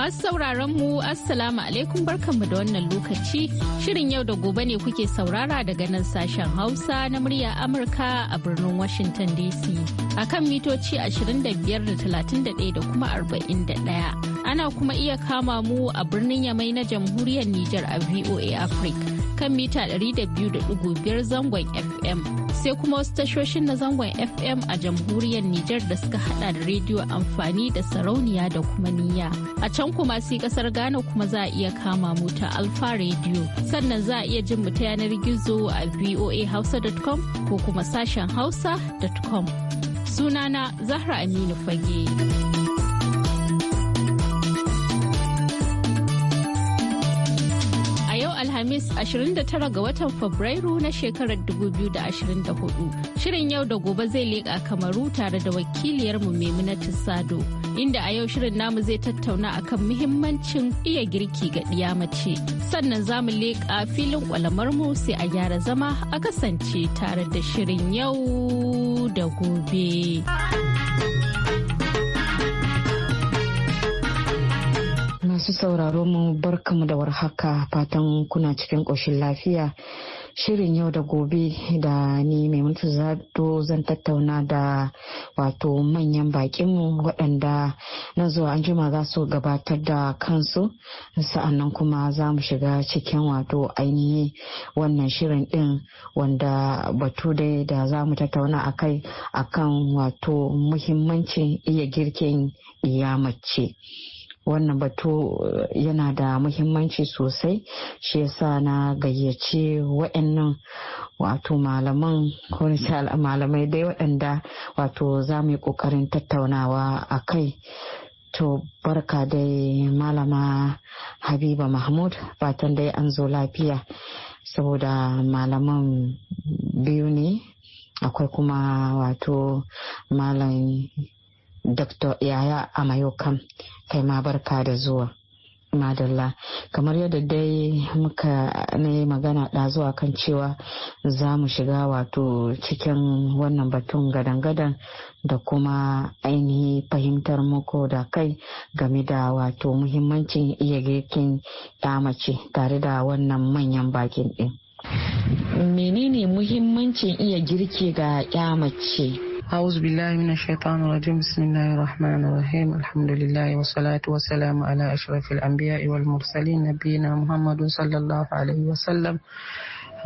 Masu sauraron mu Assalamu alaikum barkanmu da wannan lokaci. Shirin yau da gobe ne kuke saurara daga nan sashen Hausa na murya Amurka a birnin Washington DC. A kan mitoci 25.31 da da kuma 41. Ana kuma iya kama mu a birnin Yamai na Jamhuriyar Nijar a VOA Africa kan mita 200.5 zangon FM. sai kuma wasu tashoshin na zangon FM a jamhuriyar Nijar da suka hada da rediyo amfani da sarauniya da kuma niyya. A can kuma sai kasar Ghana kuma za a iya kama mu ta Alfa Radio. Sannan za a iya jin mu ta yanar gizo a voahausa.com ko kuma sashen hausa.com. Sunana Zahra Aminu Fage. Alhamis 29 ga watan Fabrairu na shekarar 2024. Shirin yau da gobe zai leƙa kamaru tare da wakiliyarmu Maimunatu Sado, inda a yau shirin namu zai tattauna akan muhimmancin iya girki ga ɗiya mace. Sannan za mu leƙa filin mu sai a gyara zama a kasance tare da shirin yau da gobe. masu sauraro mu barkamu da warhaka fatan kuna cikin ƙoshin lafiya. Shirin yau da gobe da ni mai mutu zato zan tattauna da wato manyan bakinmu waɗanda na zuwa an jima za su gabatar da kansu sa'annan kuma za mu shiga cikin wato ainihi wannan shirin ɗin wanda batu dai da za mu tattauna a kai akan wato muhimmancin iya girkin iya mace. wannan batu eh, yana da muhimmanci sosai shi yasa na gayyace wa'annan wato malaman ko malamai dai waɗanda wato za mu yi ƙoƙarin tattaunawa a kai To barka dai malama Habiba Mahmud fatan dai an zo lafiya saboda malaman biyu ne akwai kuma wato malam dr yaya Amayokan, kai ma barka da zuwa madalla kamar yadda dai muka na yi magana zuwa kan cewa za mu shiga wato cikin wannan batun gadan-gadan da kuma ainihi fahimtar muku da kai game da wato muhimmancin iya girkin mace tare da wannan manyan bakin ɗin menene muhimmancin iya girki ga mace أعوذ بالله من الشيطان الرجيم بسم الله الرحمن الرحيم الحمد لله والصلاة والسلام على أشرف الأنبياء والمرسلين نبينا محمد صلى الله عليه وسلم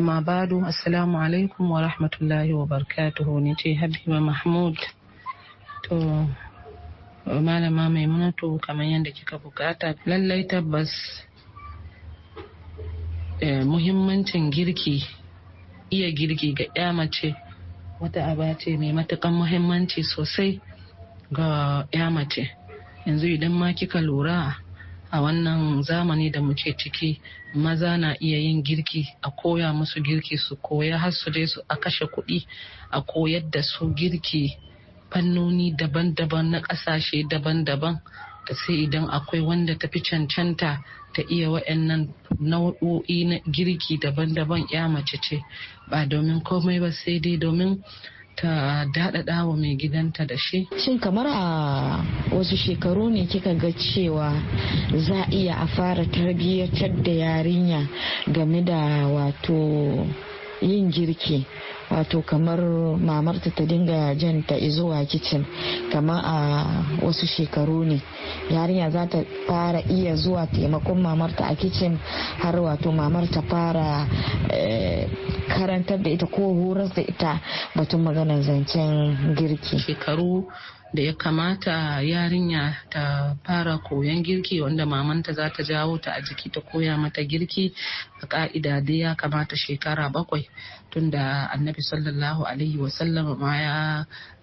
أما بعد السلام عليكم ورحمة الله وبركاته نتي حبيبة محمود تو malama maimunatu kamar كما يندك كبكاتا لن tabbas muhimmancin girki iya girki ga ya wata aba ce mai matukan muhimmanci sosai ga ya mace yanzu idan ma kika lura a wannan zamani da muke ciki maza na iya yin girki a koya musu girki su koya har su su a kashe kuɗi a koyar da su girki fannoni daban-daban na ƙasashe daban-daban da sai idan akwai wanda tafi cancanta ta iya wa'annan nau'o'i na girki daban-daban ya mace ce ba domin komai ba sai dai domin ta daɗaɗa wa mai gidanta da shi. Shin kamar a wasu shekaru ne kika ga cewa za iya a fara tarbiyyar da yarinya game da wato yin girki wato kamar mamarta ta dinga ta zuwa kicin kamar a wasu shekaru ne yarinya za ta fara iya zuwa taimakon mamarta a kicin har wato mamarta fara eh, karantar da ita ko horar da ita batun maganar zancen girki shekaru da ya kamata yarinya ta fara koyon girki wanda mamanta za ta jawo ta a jiki ta koya mata girki a ka'ida dai ya kamata shekara bakwai tunda annabi sallallahu alaihi wasallam ma ya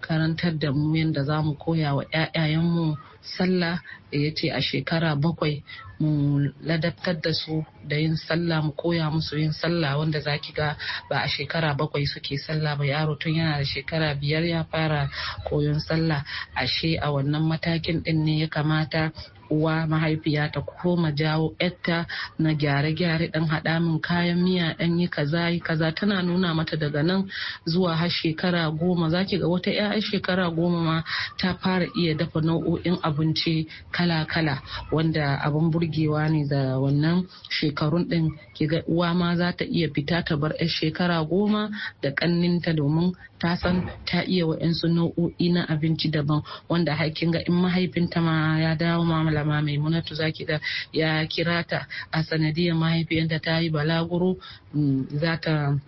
karantar da mu yadda za mu koya wa 'ya'yayenmu sallah da ya ce a shekara bakwai mu ladabtar da su da yin sallah mu koya musu yin sallah wanda zaki ga ba a shekara bakwai suke sallah ba yaro tun yana da shekara biyar ya fara koyon sallah ashe a wannan matakin din ne ya kamata uwa mahaifiya ta koma jawo etta na gyare-gyare dan haɗa min kayan miya dan yi kaza yi kaza tana nuna mata daga nan zuwa har shekara goma zaki ga wata 'ya'ya shekara goma ma ta fara iya dafa nau'o'in abinci kala-kala wanda abin burgewa ne da wannan shekarun din ki ga uwa ma za ta iya fita ta bar 'yar shekara goma da kanninta domin ta ta iya wa'yansu nau'o'i na abinci daban wanda haƙƙin ga in mahaifinta ma ya dawo ma malama za ki da ya kira ta a sanadiyar mahaifiyar ta yi balaguro mm, za ta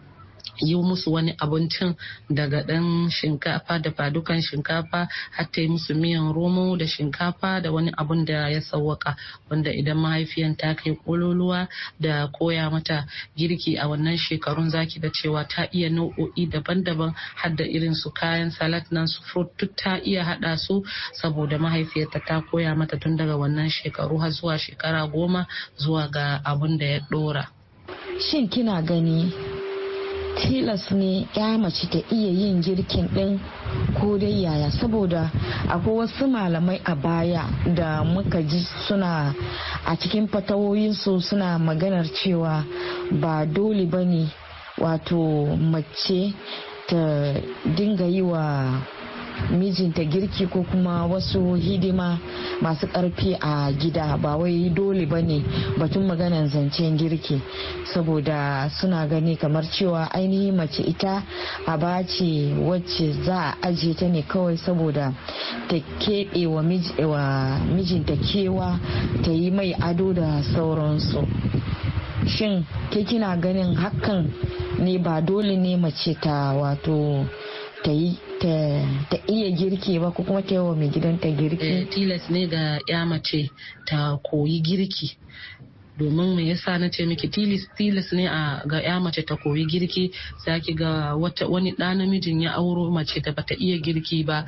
yi musu wani abincin daga ɗan shinkafa da fadukan shinkafa har ta yi musu miyan romo da shinkafa da wani abun da ya sawwaka wanda idan mahaifiyan ta kai kololuwa da koya mata girki a wannan shekarun zaki da cewa ta iya nau'o'i daban-daban har da irin su kayan salat nan su fruit ta iya haɗa su saboda mahaifiyarta ta koya mata tun daga wannan shekaru har zuwa shekara goma zuwa ga abun da ya ɗora. shin kina gani tilas ne ya mace ta iya yin girkin ɗin ko dai yaya saboda akwai wasu malamai a baya da muka ji suna a cikin fatawoyinsu suna maganar cewa ba dole ba ne wato mace ta dinga mijinta girki ko kuma wasu hidima masu ƙarfi a gida ba wai dole ba ne batun maganan zancen girki saboda suna gani kamar cewa ainihin mace ita a bace wacce za a ajiye ta ne kawai saboda ta keɓe wa mijinta kewa ta yi mai ado da sauransu shin ke kina ganin hakan ne ba dole ne mace ta wato ta yi ta iya girki ba ko kuma ta yi wa mai gidanta girki eh, tilas ne ga ya mace ta koyi girki domin me yasa na ce miki tilis tilis ne a ga ya mace ta koyi girki zaki ga wata wani ɗa namijin ya auro mace da bata iya girki ba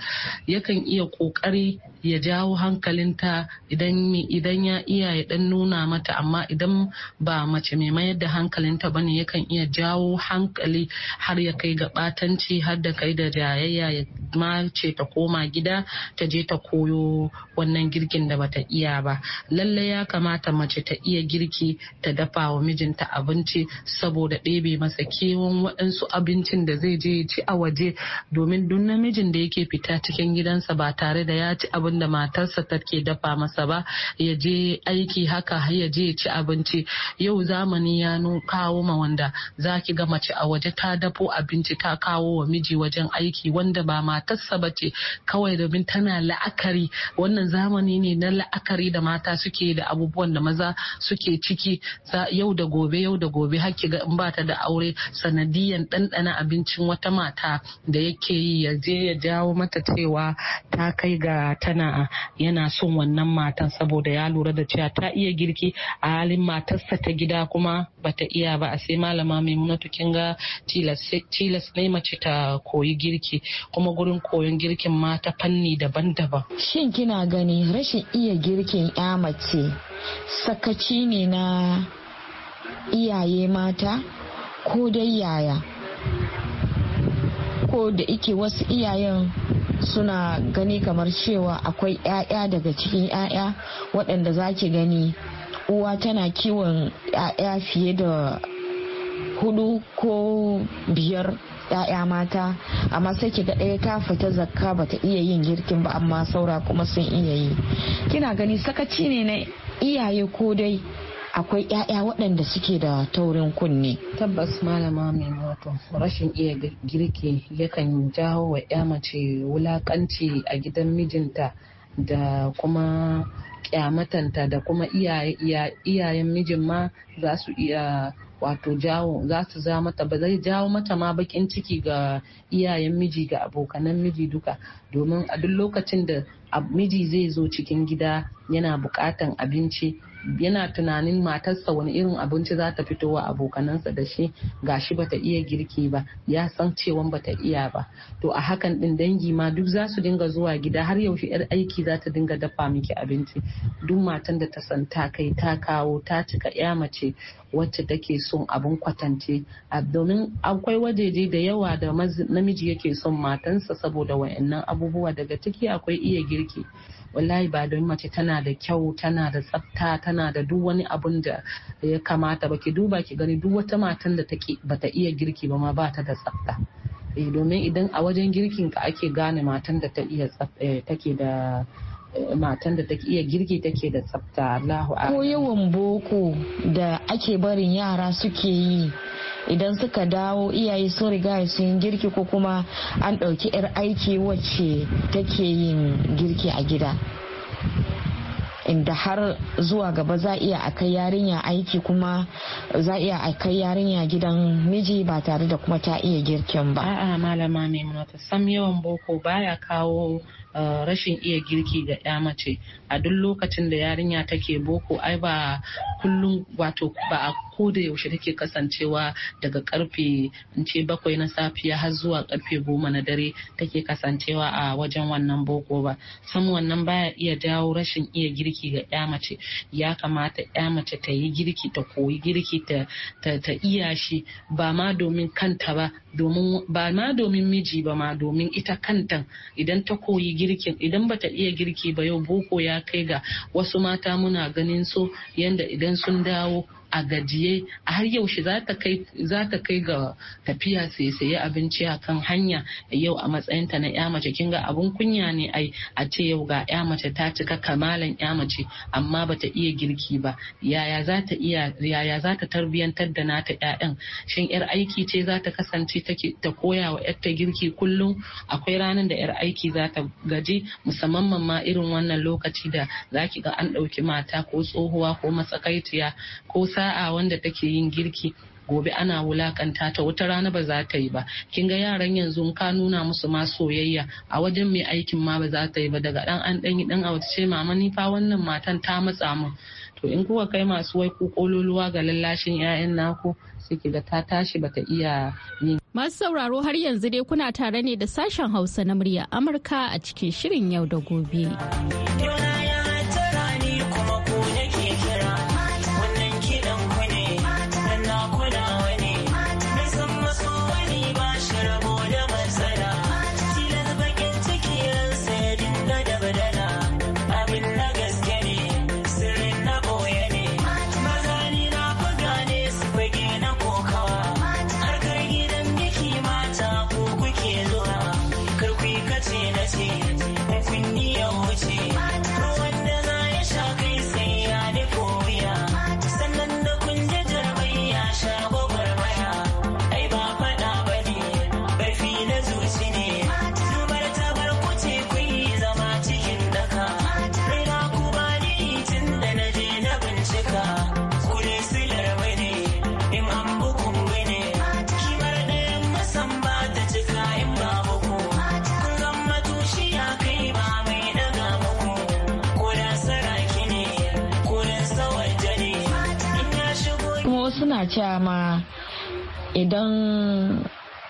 yakan iya kokari ya jawo hankalinta idan idan ya iya ya dan nuna mata amma idan ba mace mai mayar da hankalinta bane yakan iya jawo hankali har ya kai ga batanci har da kai da jayayya ya ma ta koma gida ta je ta koyo wannan girkin da bata iya ba lalle ya kamata mace ta iya girki girki ta dafa wa mijinta abinci saboda ɗebe masa kewan waɗansu abincin da zai je ya ci a waje domin duk namijin da yake fita cikin gidansa ba tare da ya ci abin da matarsa take dafa masa ba ya je aiki haka ya je ci abinci yau zamani ya kawo ma wanda za ki ga mace a waje ta dafo abinci ta kawo wa miji wajen aiki wanda ba matarsa ba ce kawai domin tana la'akari wannan zamani ne na la'akari da mata suke da abubuwan da maza suke take ciki yau da gobe yau da gobe hakki ga in ba ta da aure sanadiyan ɗanɗana abincin wata mata da yake yi ya je ya jawo mata cewa ta kai ga tana yana son wannan matan saboda ya lura da cewa ta iya girki a halin matarsa ta gida kuma bata iya ba a sai malama maimunatu kin ga tilas ne mace ta koyi girki kuma gurin koyon girkin mata fanni daban-daban shin kina gani rashin iya girkin ya mace sakaci ne na iyaye mata ko dai yaya ko da ike wasu iyayen suna gani kamar cewa akwai 'ya'ya daga cikin 'ya'ya waɗanda za ki gani uwa tana kiwon 'ya'ya fiye da hudu ko biyar 'ya'ya mata amma sai ki ɗaya ta fita zakka bata iya yin girkin ba amma saura kuma sun iya yi kina gani sakaci ne na iyaye ko dai akwai 'ya'ya waɗanda suke da taurin kunne. Tabbas malama mai wato rashin iya girki yakan jawo wa 'ya mace wulakanci a gidan mijinta da kuma kyamatanta da kuma iyayen mijin ma za su iya wato jawo za su za mata ba zai jawo mata ma bakin ciki ga iyayen miji ga abokanan miji duka domin a duk lokacin da miji zai zo cikin gida yana bukatan abinci yana tunanin matarsa wani irin abinci za ta fito wa abokanansa da shi Ga gashi ta iya girki ba ya san cewan ta iya ba to a hakan din dangi ma duk za su dinga zuwa gida har yaushe yar aiki za ta dinga dafa miki abinci duk matan da ta san ta kai ta kawo ta cika ya mace wacce take son abin kwatance domin akwai wajeje da yawa da namiji yake son matansa saboda wayannan abubuwa daga ciki akwai iya girki wallahi ba don mace tana da kyau tana da tsafta tana da duk wani abun da ya kamata ba ki duba ki gani duk wata matan da take bata iya girki ba ma ba ta da tsafta eh, domin idan a wajen girkin ka ake gane matan da ta iya eh, take da eh, matan da take iya girki take da tsafta Allahu ko yawan boko da ake barin yara suke yi idan suka dawo iyaye sun riga sun girki ko kuma an ɗauki 'yar aiki wacce take yin girki a gida inda har zuwa gaba za iya a kai yarinya aiki kuma za iya a kai yarinya gidan miji ba tare da kuma ta iya girkin ba. A'a malama mata sam yawan boko baya kawo uh, rashin iya girki ga ya mace a duk lokacin da yarinya take boko ai ba kullum wato ba a ko da yaushe take kasancewa daga karfe ce bakwai na safiya har zuwa karfe goma na dare take kasancewa a wajen wannan boko ba san wannan baya iya dawo rashin iya girki ga ya mace ya kamata ya mace ta yi girki ta koyi girki ta, iya shi ba ma domin kanta ba domin ba ma domin miji ba ma domin ita kanta idan ta koyi girkin idan ba ta iya girki ba yau boko ya kai ga wasu mata muna ganin so yanda idan sun dawo a gajiye a har yaushe za ka kai ga tafiya sai sayi abinci a kan hanya yau a matsayinta na ya mace kin ga abun kunya ne ai a ce yau ga ya mace ta cika kamalan ya mace amma ta iya girki ba yaya za ta iya tarbiyantar da nata 'ya'yan? shin yar aiki ce za ta kasance ta koya wa yarta girki kullum akwai ranar da yar aiki za ta gaji musamman ma irin wannan lokaci da za ki ga an ɗauki mata ko tsohuwa ko matsakaiciya ko sa'a wanda take yin girki gobe ana wulakanta ta wata rana ba za ta yi ba kin ga yaran yanzu ka nuna musu ma soyayya a wajen mai aikin ma ba za ta yi ba daga dan an dan dan a wata ce mama ni fa wannan matan ta matsa min to in kuka kai masu wai ku kololuwa ga lallashin 'ya'yan naku sai da ta tashi bata iya yin masu sauraro har yanzu dai kuna tare ne da sashen hausa na murya amurka a cikin shirin yau da gobe. suna cewa ma idan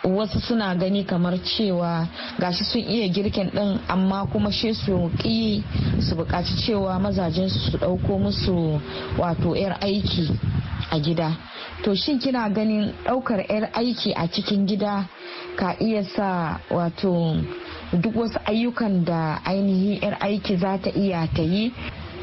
wasu suna gani kamar cewa gashi sun iya girkin din amma kuma shi su ki su buƙaci cewa mazajen su dauko musu wato yar aiki a gida to shin kina ganin daukar yar aiki a cikin gida ka iya sa wato duk wasu ayyukan da ainihin yar aiki za ta iya ta yi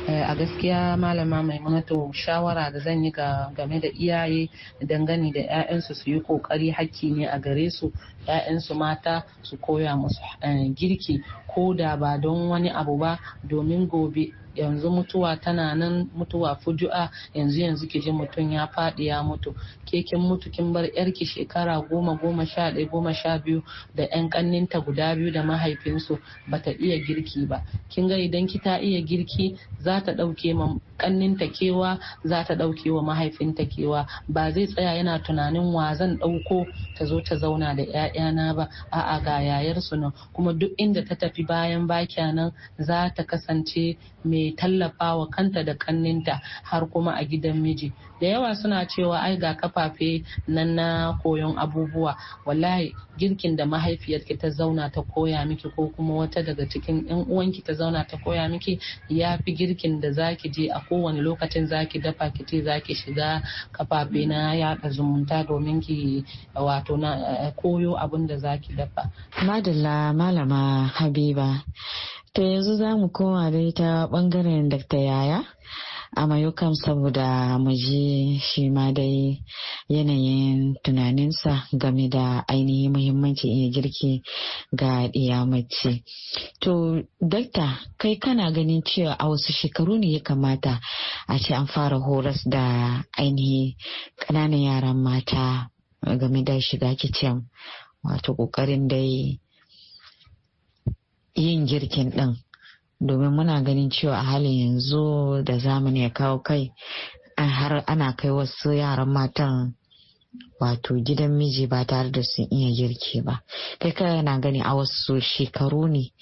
Eh, a gaskiya malama mai maimunatu shawara da zan yi game da iyaye dangane da 'ya'yansu su yi kokari hakki ne a gare su 'ya'yansu mata su koya musu eh, girki ko da ba don wani abu ba domin gobe yanzu mutuwa tana nan mutuwa fuju'a yanzu yanzu ki ji mutum ya faɗi ya mutu ke kin mutu kin bar yarki shekara goma goma sha ɗaya goma sha biyu da yan ƙanninta guda biyu da mahaifinsu bata iya girki ba kin ga idan ki ta iya girki za ta ɗauke ma ƙanninta kewa za ta ɗauke wa mahaifinta kewa ba zai tsaya yana tunanin wa zan ɗauko ta zo ta zauna da 'ya'yana ba a'a ga yayarsu nan kuma duk inda ta tafi bayan bakya nan za ta kasance mai tallafawa kanta da kanninta har kuma a gidan miji da yawa suna cewa ai ga kafafe nan na koyon abubuwa wallahi girkin da mahaifiyarki ta zauna ta koya miki ko kuma wata daga cikin yan uwanki ta zauna ta koya miki ya fi girkin da zaki je a kowane lokacin zaki dafa ki ce zaki shiga kafafe na yaɗa zumunta domin ki wato na eh, koyo abin da zaki dafa madalla malama habiba to yanzu za mu koma dai ta bangaren dakta yaya A mayukan saboda muje shi ma dai yanayin tunaninsa game da ainihin muhimmanci iya girki ga ɗiya To, dakta kai kana ganin cewa a wasu shekaru ne ya kamata a ce an fara horas da ainihin ƙananan yaran mata game da shiga kicin wato ƙoƙarin dai yin girkin ɗin. domin muna ganin cewa a halin yanzu da zamani ya kawo kai har ana kai wasu yaran matan wato gidan miji ba tare da sun iya girki ba kai kai yana gani a wasu shekaru ne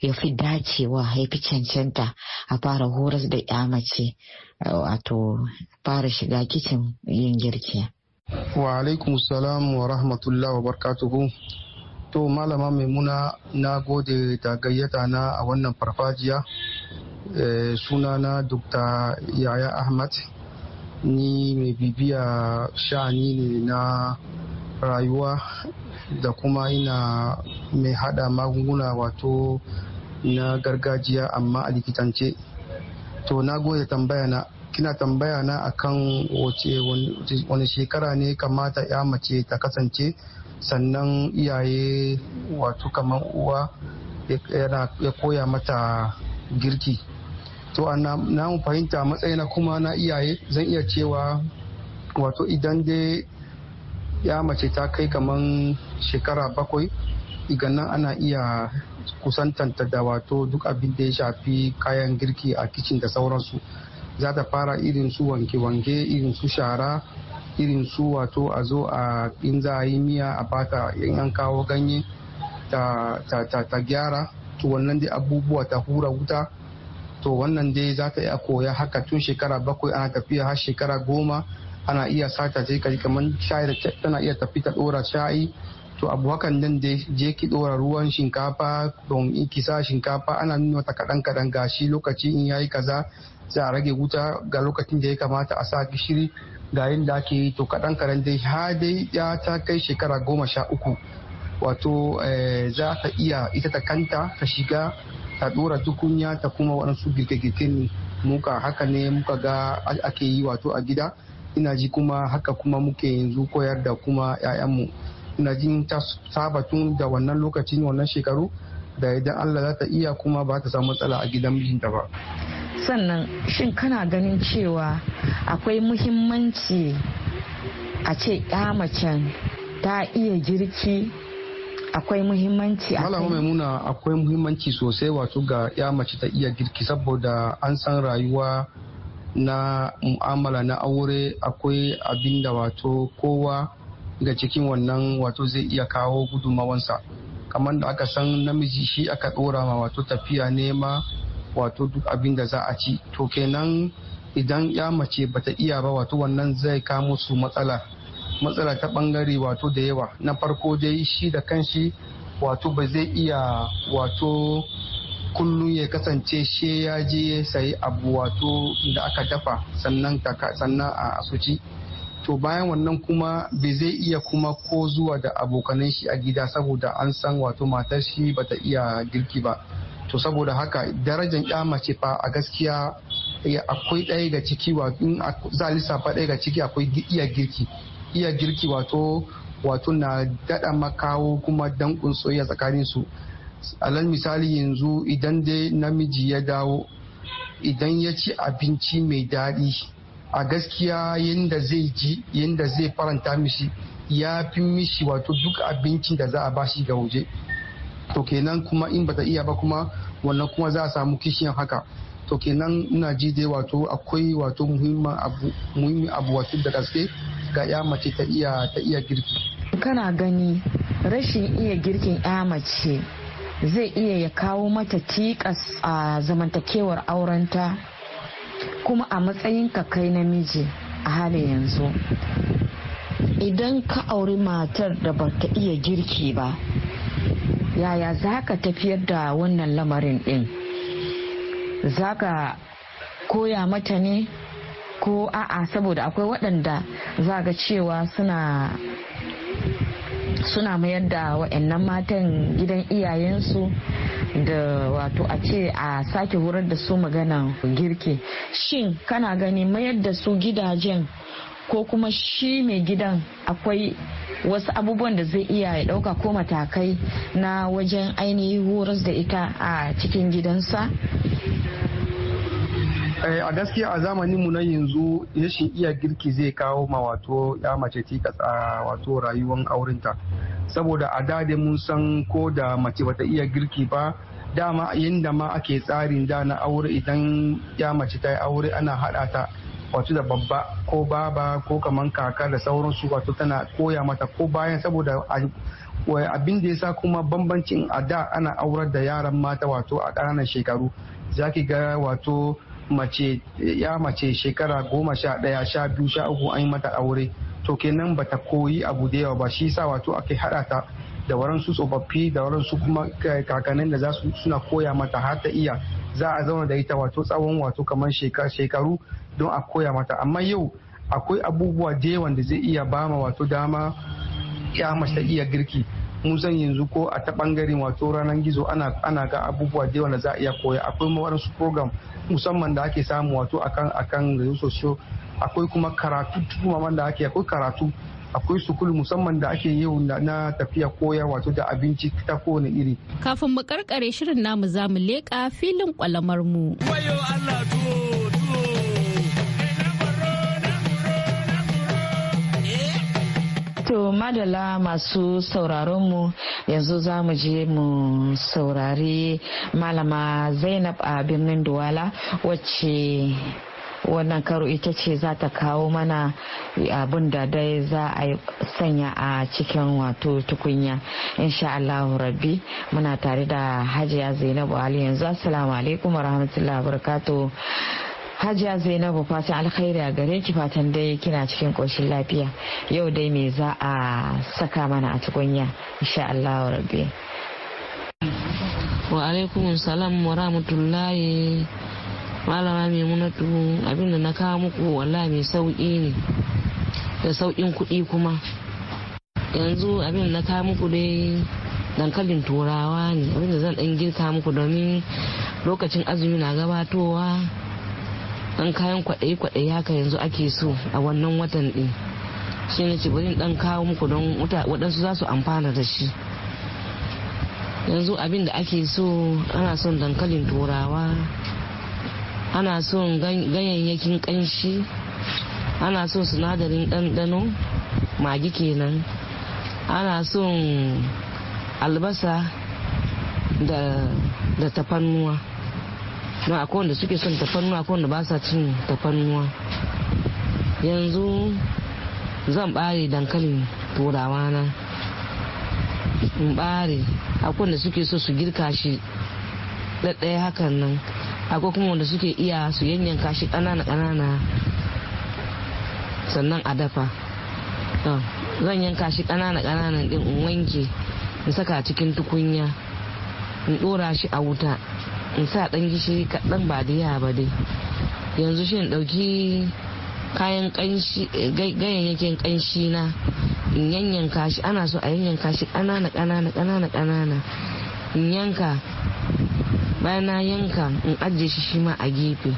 ya fi dacewa ya fi cancanta a fara horas da ya mace wato fara shiga kicin yin girki wa alaikum salam wa rahmatullahi wa barkatuhu To malama maimuna na gode da gayyata na a wannan farfajiya eh, sunana Dr. Yaya Ahmad ni mai bibiya sha'ani ne na rayuwa da kuma ina mai hada magunguna wato na gargajiya amma a likitance. To na gode tambaya na kina tambaya na akan wace wani shekara ne kamata ya mace ta kasance sannan iyaye wato kamar uwa ya koya mata girki to na mu fahimta matsayina kuma na iyaye zan iya cewa wato idan dai ya mace ta kai kamar shekara bakwai iganan ana iya kusantanta da wato duk abin da ya shafi kayan girki a kicin da sauransu za ta fara irin su wanke-wanke irin su shara irin su wato a zo a in za a yi miya a bata yan kawo ganye ta gyara to wannan dai abubuwa ta hura wuta to wannan dai za ta iya koya haka tun shekara bakwai ana tafiya har shekara goma ana iya sata je kaji kamar shayi tana iya tafi ta dora shayi to abu hakan nan da je ki dora ruwan shinkafa don ki sa shinkafa ana nuna ta kadan kadan gashi lokaci in yayi kaza za a rage wuta ga lokacin da ya kamata a sa gishiri ga da ake yi to kaɗan karen dai ha dai ya ta kai shekara goma sha uku wato eh, za ta iya ita ta kanta ta shiga ta ɗora tukunya ta kuma waɗansu girke-girken muka haka ne muka ga ake yi wato a gida ina ji kuma haka kuma muke yanzu koyar da kuma 'ya'yanmu ina ji ta saba tun da wannan lokacin wannan shekaru da idan Allah za ta iya kuma ba ta samu matsala a gidan mijinta ba. Sannan shin kana ganin cewa akwai muhimmanci a ce macen ta iya girki akwai muhimmanci malama maimuna akwai muhimmanci sosai wato ga ya mace ta iya girki saboda an san rayuwa na mu'amala na aure akwai abin da wato kowa ga cikin wannan wato zai iya kawo sa kamar da aka san namiji shi aka dora ma wato tafiya nema wato duk abin da za a ci to kenan idan ya mace bata iya ba wato wannan zai kamo su matsala matsala ta bangare wato da yawa na farko dai shi da kanshi wato ba zai iya wato kullum ya kasance she ya je ya abu wato da aka dafa sannan sannan a asuci to bayan wannan kuma bai zai iya kuma ko zuwa da abokanan shi a gida saboda an san wato matar shi bata iya girki ba to saboda haka darajan ya mace fa a gaskiya Eh, akwai ɗaya ga ciki wato in za lissafa ɗaya ga ciki akwai iya girki iya girki wato wato na daɗa makawo kuma dankun soyayya tsakanin su alal misali yanzu idan dai namiji ya dawo idan ya ci abinci mai daɗi a gaskiya yadda zai ji yadda zai faranta mishi ya fi mishi wato duk abincin da za a bashi ga waje to kenan kuma in bata iya ba kuma wannan kuma za a samu kishiyan haka to kenan ina ji dai wato akwai wato muhimmin abu wato da gaske ga ya mace ta iya ta iya girki kana gani rashin iya girkin ya mace zai iya ya kawo mata tikas a zamantakewar aurenta kuma a matsayin ka kai namiji a halin yanzu idan ka auri matar da ba ta iya girki ba yaya za ka tafiyar da wannan lamarin din za ka koya mata ne ko a'a saboda akwai waɗanda za ga cewa suna suna mayar da wa'annan matan gidan iyayensu da wato a ce a sake horar da su maganan girki shin kana gani mayar da su gidajen ko kuma shi mai gidan akwai wasu abubuwan da zai iya ya dauka ko matakai na wajen ainihin horas da ita a cikin gidansa eh, a gaskiya a zamanin mu na yanzu rashin iya girki zai kawo ma wato ya mace tikas a wato rayuwar aurenta saboda a dade mun san ko da mace bata iya girki ba dama yadda ma ake tsarin da na aure idan ya mace ta yi aure ana haɗa ta wato da babba ko baba ko kaman kaka da sauransu wato tana koya mata ko bayan saboda abin da sa kuma bambancin a da ana aurar da yaran mata wato a ƙananan shekaru zaki ga wato mace ya mace shekara goma sha ɗaya sha biyu sha uku an yi mata aure to kenan ba ta koyi a da yawa ba shi sa wato ake haɗa ta da waransu tsofaffi da waransu kuma kakannin da za su suna koya mata har ta iya za a zauna da ita wato tsawon wato kamar shekaru don a koya mata amma yau akwai abubuwa da yawan da zai iya bama wato dama ya mace iya girki mun san yanzu ko a ta bangaren wato ranar gizo ana ga abubuwa da yawan da za a iya koya akwai waɗansu program musamman da ake samu wato akan akan akwai kuma karatu wanda ake akwai karatu akwai sukul musamman da ake yi na tafiya koya wato da abinci ta kowane iri. Kafin mu karkare shirin namu za mu leƙa filin kwalamar mu. To madala masu sauraron mu yanzu za mu je mu saurari malama Zainab a birnin Duwala wacce wannan karo ita ce za ta kawo mana abin da dai za a sanya a cikin wato tukunya insha Allah rabbi muna tare da hajiya zainabu ali yanzu assalamu alaikum warahmatullahi wabarakatuh Hajiya Zainabu fatan alkhairi a gare ki fatan dai kina cikin koshin lafiya yau dai me za a saka mana a tukunya insha Allah rabbi. Wa alaikum salam wa rahmatullahi malama maimunatu abin abinda na kawo muku walla mai sauki ne da saukin kuɗi kuma yanzu abinda na kawo muku dai dankalin turawa ne abinda zan ɗan girka muku domin lokacin azumi na gabatowa dan kayan kwaɗayi-kwaɗayi haka yanzu ake so a wannan watan ɗin shi ne ci bari dan kawo muku don waɗansu za su amfana da shi yanzu abinda ake so ana son dankalin turawa ana son ganyayyakin kanshi ana so sinadarin ɗanɗano magi kenan ana son albasa da, da tafannuwa don akwai wanda suke son tafannuwa akwai wanda ba sa cin tafannuwa yanzu zan bare dankalin turawa na in bare akwai wanda suke so su girka shi ɗaɗɗaya hakan nan akwai kuma wanda suke iya su yanyanka shi kanana kanana sannan a dafa zan yanka shi kanana kanana ɗin in wanke in saka cikin tukunya in ɗora shi a wuta in sa ɗan gishiri kaɗan ba da yawa ba dai yanzu shi in ɗauki kayan ganyayyakin ƙanshi na in yanyanka shi ana so a yanyanka shi kanana kanana kanana in yanka bayan na yanka in ajiye shi shi a gefe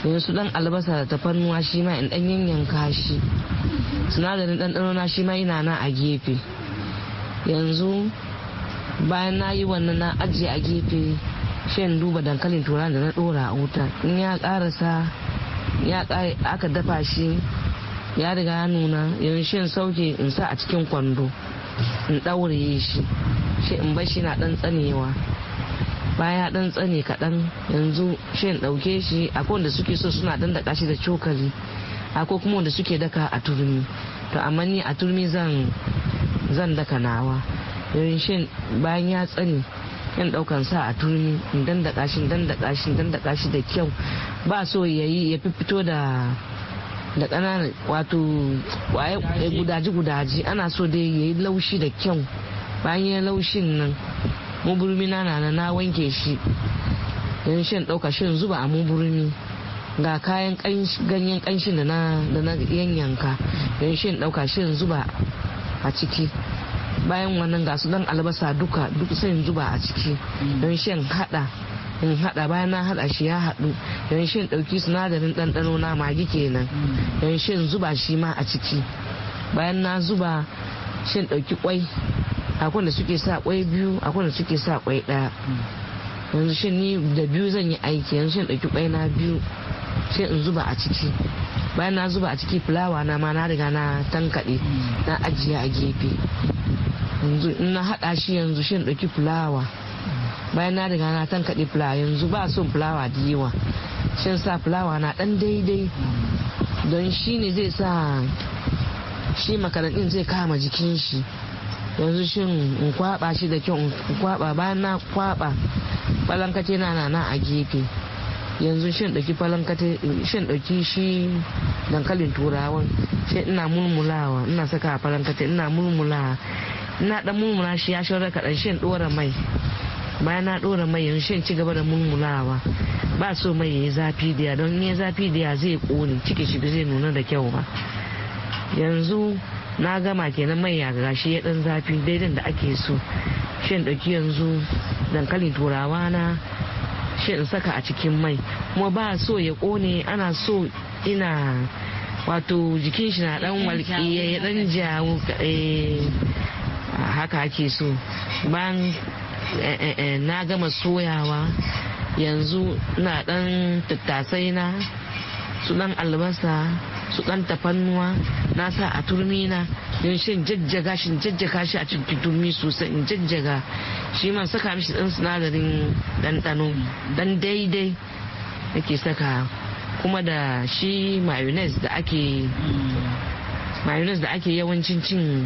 to su dan albasa da tafarnuwa shi ma in dan yanyanka shi sinadarin ɗanɗano na shi ma ina na a gefe yanzu bayan na yi wannan na ajiye a gefe shan duba dankalin turan da na ɗora a wuta in ya karasa ya aka dafa shi ya riga ya nuna yanzu shan sauke in sa a cikin kwando in ɗaure shi shi in bar shi na ɗan tsanewa baya dan tsane kaɗan yanzu shi ɗauke shi akwai wanda suke so suna daka shi da cokali akwai kuma wanda suke daka a turmi to amma ni a turmi zan zan daka nawa yayin shi bayan ya tsane yan ɗaukan sa a turmi in daka shi daka shi daka shi da kyau ba so yayi ya fito da da ƙananan wato eh, gudaji gudaji ana so dai yayi laushi da kyau bayan ya laushin nan muburmi na na na wanke shi don shan ɗauka shan zuba a muburmi ga kayan ganyen kanshin da na yanyanka don shan ɗauka shan zuba a ciki bayan wannan ga su dan albasa duka duk sai zuba a ciki don shan hada in hada bayan na hada shi ya hadu don shan dauki sinadarin ɗanɗano na magi kenan don shan zuba shi ma a ciki bayan na zuba shan dauki kwai akwai da suke sa kwai biyu akwai da suke sa kwai ɗaya yanzu shin ni da biyu zan yi aiki yanzu shin ɗauki kwai na biyu sai in zuba a ciki bayan na zuba a ciki fulawa na ma na riga na tankaɗe na ajiye a gefe yanzu in na haɗa shi yanzu shin ɗauki fulawa bayan na riga na tankaɗe fulawa yanzu ba son fulawa da yawa shin sa fulawa na ɗan daidai don shi ne zai sa shi makarantin zai kama jikin shi yanzu shin in kwaba shi da kyau in kwaba ba na kwaba falankate na na nan a gefe yanzu shin ɗauki falankate shin ɗauki shi dankalin turawan shi ina mulmulawa ina saka a falankate ina mulmulawa ina dan mulmula shi ya shi shirya kaɗan shin ɗora mai bayan na ɗora mai yanzu shin ci gaba da mulmulawa ba so mai ya yi zafi diya don ya yayi zafi diya zai ƙone ciki shi zai nuna da kyau ba yanzu na gama kenan mai ya gashi ya dan zafi daidan da ake so shin ɗauki yanzu dankalin turawa na shi in saka a cikin mai kuma ba so ya kone ana so ina wato jikin shi na dan walƙiya ya dan jawo eh, haka ake so bayan eh, eh, na gama soyawa yanzu na dan tattasai na su dan albasa su dan tafannuwa na sa a turmi na don shin jajjaga shi jajjaga shi a cikin turmi sosai in jajjaga shi man saka mishi dan sinadarin ɗanɗano dan daidai nake saka kuma da shi mayonnaise da ake mayonnaise da ake yawancin cin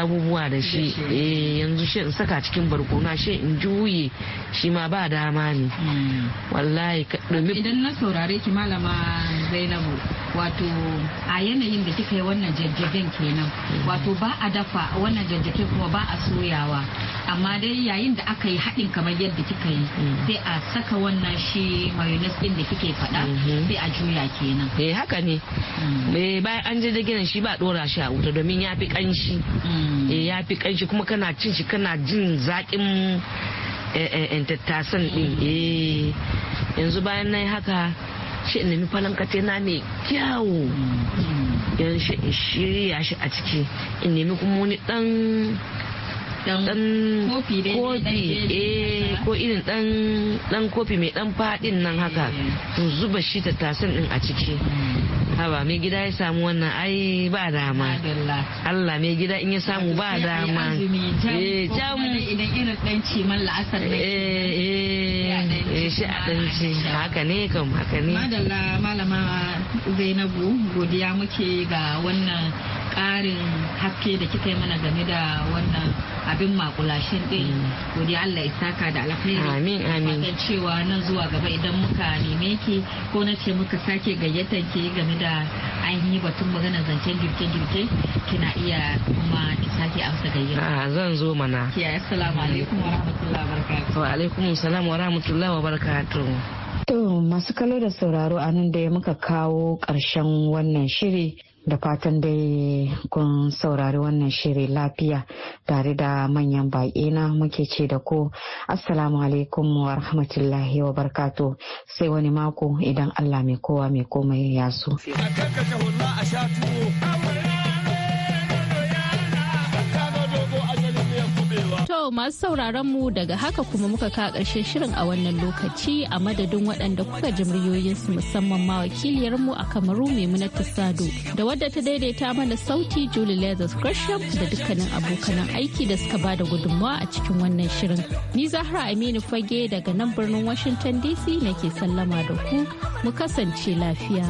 abubuwa da shi eh, yanzu shi saka cikin barkona shi in juye shi ma ba dama ne hmm. wallahi domin idan na saurare ki malama zainabu wato a yanayin da kika yi wannan jajjagen kenan hmm. wato ba a dafa wannan jajjagen kuma ba a soyawa amma dai yayin da aka yi haɗin kamar yadda kika yi hmm. sai a saka wannan shi mayonnaise din da kike faɗa sai a juya kenan eh haka ne eh, bayan an jajjagen shi ba ɗora shi a wuta domin ya fi ƙanshi Mm. eh ya fi kanshi kuma kana cin shi kana jin zaƙin eh, eh, tattasan din eh yanzu bayan na haka mm. shi in nemi falankate na ne kyawu yan shirya shi a ciki in nemi kuma wani dan dan kofi eh ko irin dan dan kofi mai dan fadin nan haka eh, eh. to zuba shi tattasan din a ciki hmm. haba mai gida ya samu wannan ai ba dama Allah mai gida in ya samu ba dama eh jamu idan irin dan ciman la'asar ne eh, eh shi a dan ci haka ne kam haka ne madalla malama Zainabu godiya muke ga wannan karin haske da kika yi mana game da wannan abin makulashin din mm. godiya Allah isaka da alkhairi amin amin kan cewa nan zuwa gaba idan muka neme ki ko na ce muka sake gayyatar ki game da ainihin batun magana zancen girke-girke kina iya kuma ki sake amsa gayyata a ah, zan zo mana ki assalamu alaikum wa rahmatullahi wa barakatuh wa alaikum assalam wa rahmatullahi wa barakatuh To masu kallo da sauraro a da ya muka kawo ƙarshen wannan shiri da fatan dai kun saurari wannan shirin lafiya tare da manyan baƙi na muke ce da ku assalamu alaikum wa rahmatullahi wa barkato sai wani mako idan allah mai kowa mai komai ya so masu sauraron mu daga haka kuma muka ka ƙarshen shirin a wannan lokaci a madadin waɗanda kuka ji muryoyinsu musamman ma wakiliyar mu a kamaru Maimunatu Sado da wadda ta daidaita mana sauti Julie Leathers Gresham da dukkanin abokan aiki da suka bada gudunmawa a cikin wannan shirin. Ni Zahra Aminu Fage daga nan birnin Washington DC nake sallama da ku mu kasance lafiya.